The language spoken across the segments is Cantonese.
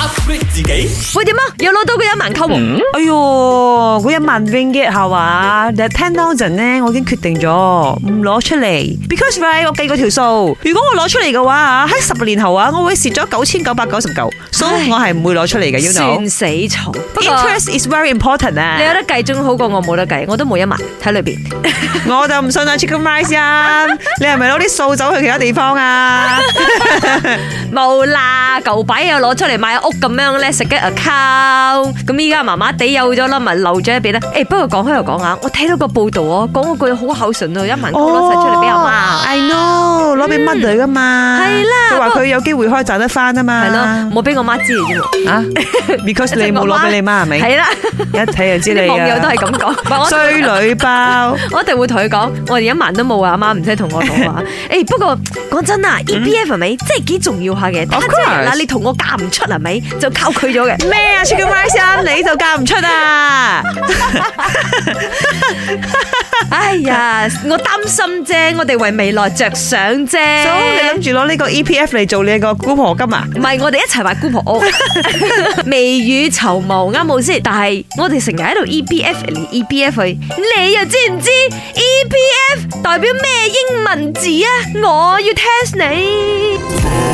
upgrade 自己會點啊？又攞到嗰一萬級喎！哎喲，嗰一萬 ringgit 吓話，但係 ten thousand 嗰陣咧，我已經決定咗唔攞出嚟，because 我計過條數，如果我攞出嚟嘅話啊，喺十年後啊，我會蝕咗九千九百九十九，所以我係唔會攞出嚟嘅。You know，算死草！不過，Interest is very important 啊！你有得計，仲好過我冇得計，我都冇一萬喺裏邊，我就唔信啦，Chicken Rice 啊！你係咪攞啲數走去其他地方啊？冇啦，舊幣又攞出嚟買屋。咁樣咧食嘅啊靠！咁依家麻麻地有咗啦，咪留咗一邊啦。誒，不過講開又講下，我睇到個報道啊，講嗰個好口唇啊，一萬個碌柒出嚟畀媽媽。攞俾 Monday 噶嘛。係啦，佢話佢有機會可以賺得翻啊嘛，係囉，冇俾我媽知啊，because 你冇攞俾你媽係咪？係啦，一睇就知你朋友都係咁講，衰女包，我一定會同佢講，我一萬都冇啊，阿媽唔使同我講話。誒，不過講真啊，EBF 係咪真係幾重要下嘅？嗱，你同我嫁唔出啊，咪就靠佢咗嘅咩啊？Trigemysan，你就嫁唔出啊？哎呀，我擔心啫，我哋為未來着想啫。咁、so，你諗住攞呢個 E P F 嚟做你個姑婆金啊？唔係，我哋一齊買姑婆屋，未雨綢繆啱冇先。但係我哋成日喺度 E P F 嚟 E P F 去，你又知唔知 E P F 代表咩英文字啊？我要 test 你。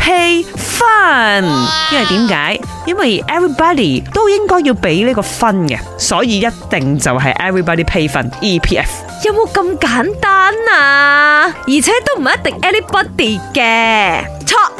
Pay 分，因為點解？因為 everybody 都應該要俾呢個分嘅，所以一定就係 everybody pay 分，EPF。有冇咁簡單啊？而且都唔一定 everybody 嘅錯。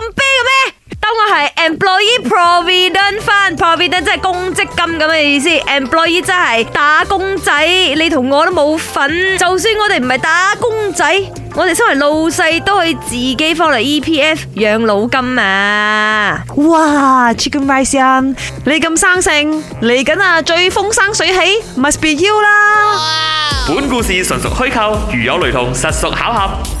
我係 employee Provident Fund，Provident 即係公積金咁嘅意思，employee 即係打工仔。你同我都冇份，就算我哋唔係打工仔，我哋身為老細都可以自己放嚟 E P F 養老金啊！哇，Chicken Rice，你咁生性，嚟緊啊最風生水起，Must be you 啦！本故事純屬虛構，如有雷同，實屬巧合。